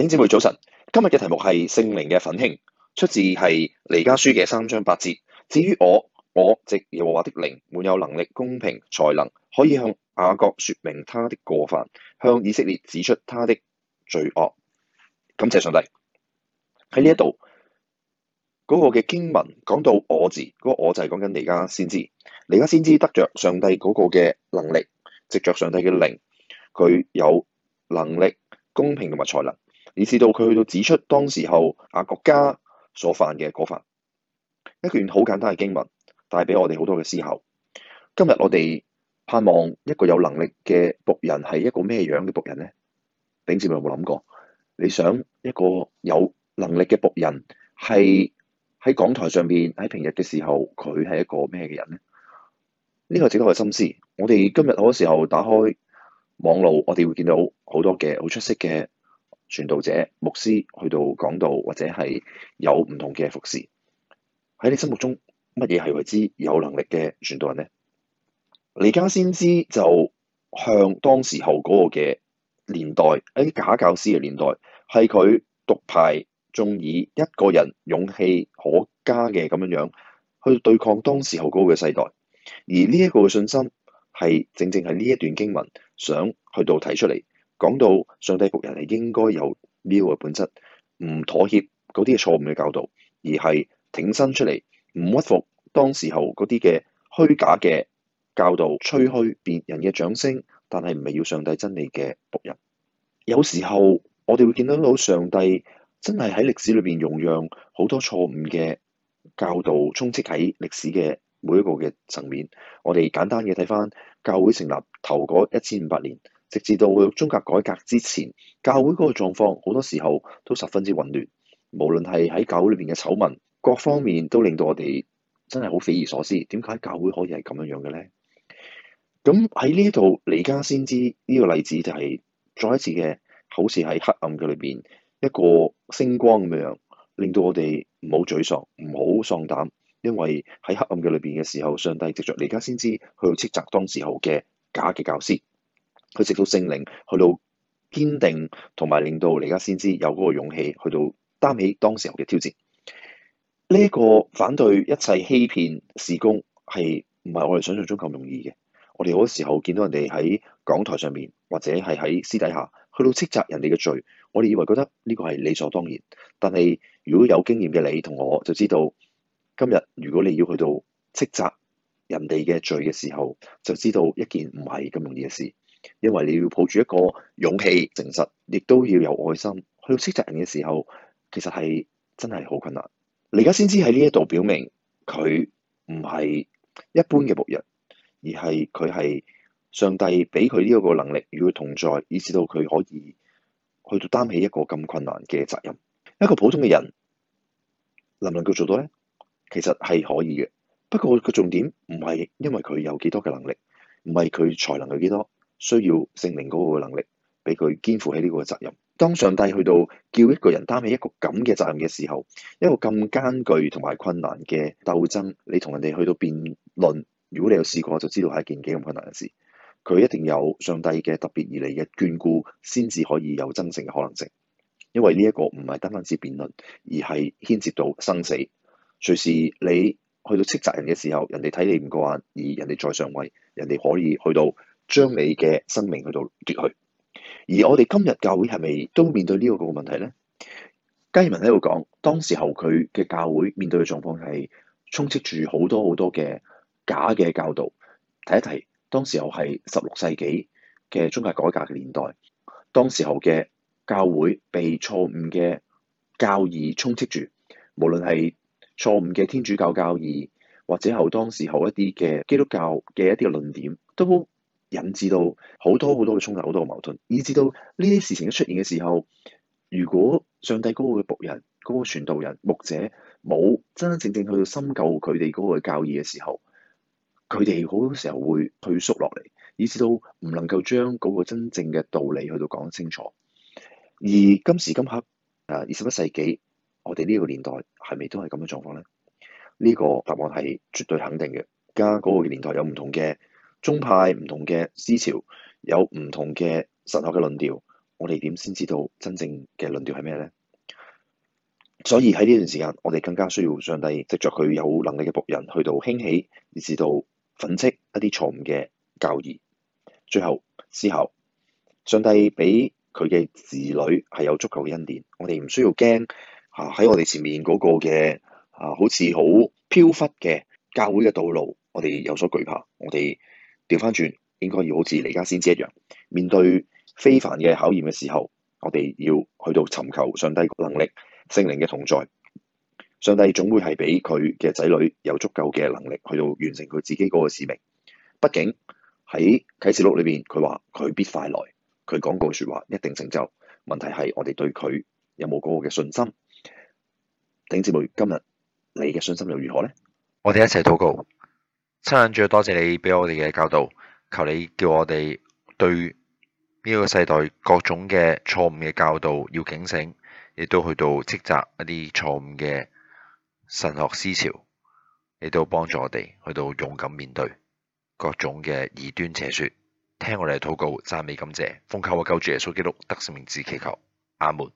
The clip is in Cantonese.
弟兄姊妹早晨，今日嘅題目係聖靈嘅奮興，出自係彌迦書嘅三章八節。至於我，我藉耶和華的靈，滿有能力、公平、才能，可以向雅各說明他的過犯，向以色列指出他的罪惡。感謝上帝喺呢一度嗰個嘅經文講到我字，嗰、嗰個我就係講緊彌迦先知，彌迦先知得着上帝嗰個嘅能力，藉着上帝嘅靈，佢有能力、公平同埋才能。而至到佢去到指出當時候啊國家所犯嘅過犯，一段好簡單嘅經文，帶俾我哋好多嘅思考。今日我哋盼望一個有能力嘅僕人係一個咩樣嘅僕人呢？頂住咪有冇諗過？你想一個有能力嘅僕人係喺講台上邊喺平日嘅時候，佢係一個咩嘅人呢？呢、這個值得我哋深思。我哋今日好多時候打開網絡，我哋會見到好多嘅好出色嘅。傳道者、牧師去到講道，或者係有唔同嘅服侍。喺你心目中，乜嘢係為之有能力嘅傳道人呢？彌迦先知就向當時候嗰個嘅年代，喺啲假教師嘅年代，係佢獨派，仲以一個人勇氣可嘉嘅咁樣樣去對抗當時候嗰個世代。而呢一個嘅信心，係正正係呢一段經文，想去到提出嚟。講到上帝僕人係應該有呢個本質，唔妥協嗰啲嘅錯誤嘅教導，而係挺身出嚟，唔屈服當時候嗰啲嘅虛假嘅教導，吹嘘別人嘅掌聲，但係唔係要上帝真理嘅僕人。有時候我哋會見到到上帝真係喺歷史裏邊容讓好多錯誤嘅教導充斥喺歷史嘅每一個嘅層面。我哋簡單嘅睇翻教會成立頭嗰一千五百年。直至到宗教改革之前，教會嗰個狀況好多時候都十分之混亂，無論係喺教會裏邊嘅醜聞各方面都令到我哋真係好匪夷所思。點解教會可以係咁樣樣嘅咧？咁喺呢度，彌迦先知呢個例子就係再一次嘅，好似喺黑暗嘅裏邊一個星光咁樣，令到我哋唔好沮喪，唔好喪膽，因為喺黑暗嘅裏邊嘅時候，上帝藉著彌迦先知去斥責當時候嘅假嘅教師。佢直到聖靈，去到堅定，同埋令到彌迦先知有嗰個勇氣去到擔起當時候嘅挑戰。呢個反對一切欺騙事工，係唔係我哋想象中咁容易嘅？我哋好多時候見到人哋喺講台上面，或者係喺私底下，去到斥責人哋嘅罪，我哋以為覺得呢個係理所當然。但係如果有經驗嘅你同我就知道，今日如果你要去到斥責人哋嘅罪嘅時候，就知道一件唔係咁容易嘅事。因為你要抱住一個勇氣、誠實，亦都要有愛心去識責人嘅時候，其實係真係好困難。你而家先知喺呢一度表明，佢唔係一般嘅僕人，而係佢係上帝俾佢呢一個能力與佢同在，以至到佢可以去到擔起一個咁困難嘅責任。一個普通嘅人能唔能夠做到咧？其實係可以嘅。不過佢重點唔係因為佢有幾多嘅能力，唔係佢才能有幾多。需要聖靈嗰個能力，俾佢肩負起呢個責任。當上帝去到叫一個人擔起一個咁嘅責任嘅時候，一個咁艱巨同埋困難嘅鬥爭，你同人哋去到辯論，如果你有試過，就知道係一件幾咁困難嘅事。佢一定有上帝嘅特別而嚟嘅眷顧，先至可以有真正嘅可能性。因為呢一個唔係單單止辯論，而係牽涉到生死。隨時你去到斥責人嘅時候，人哋睇你唔過眼，而人哋在上位，人哋可以去到。將你嘅生命去到奪去，而我哋今日教會係咪都面對呢個個問題咧？加爾文喺度講，當時候佢嘅教會面對嘅狀況係充斥住好多好多嘅假嘅教導。提一提，當時候係十六世紀嘅宗教改革嘅年代，當時候嘅教會被錯誤嘅教義充斥住，無論係錯誤嘅天主教教義，或者後當時候一啲嘅基督教嘅一啲嘅論點都，引致到好多好多嘅衝突，好多嘅矛盾，以至到呢啲事情一出現嘅時候，如果上帝嗰個僕人、嗰個傳道人、牧者冇真真正正去到深究佢哋嗰個教義嘅時候，佢哋好多時候會退縮落嚟，以至到唔能夠將嗰個真正嘅道理去到講清楚。而今時今刻，誒二十一世紀，我哋呢個年代係咪都係咁嘅狀況咧？呢個答案係絕對肯定嘅。而家嗰個年代有唔同嘅。宗派唔同嘅思潮，有唔同嘅神學嘅論調，我哋點先知道真正嘅論調係咩咧？所以喺呢段時間，我哋更加需要上帝藉着佢有能力嘅僕人，去到興起，以至到粉飾一啲錯誤嘅教義，最後思考，上帝俾佢嘅子女係有足夠嘅恩典，我哋唔需要驚啊！喺我哋前面嗰個嘅啊，好似好飄忽嘅教會嘅道路，我哋有所懼怕，我哋。調翻轉，應該要好似彌迦先知一樣，面對非凡嘅考驗嘅時候，我哋要去到尋求上帝嘅能力、聖靈嘅同在。上帝總會係俾佢嘅仔女有足夠嘅能力去到完成佢自己嗰個使命。畢竟喺啟示錄裏邊，佢話佢必快來，佢講過嘅說話一定成就。問題係我哋對佢有冇嗰個嘅信心？頂姐妹，今日你嘅信心又如何呢？我哋一齊禱告。親眼，主，要多謝你俾我哋嘅教導，求你叫我哋對呢個世代各種嘅錯誤嘅教導要警醒，亦都去到斥責一啲錯誤嘅神學思潮，亦都幫助我哋去到勇敢面對各種嘅異端邪說。聽我哋禱告、讚美、感謝，奉靠我救主耶穌基督得勝名字祈求，阿門。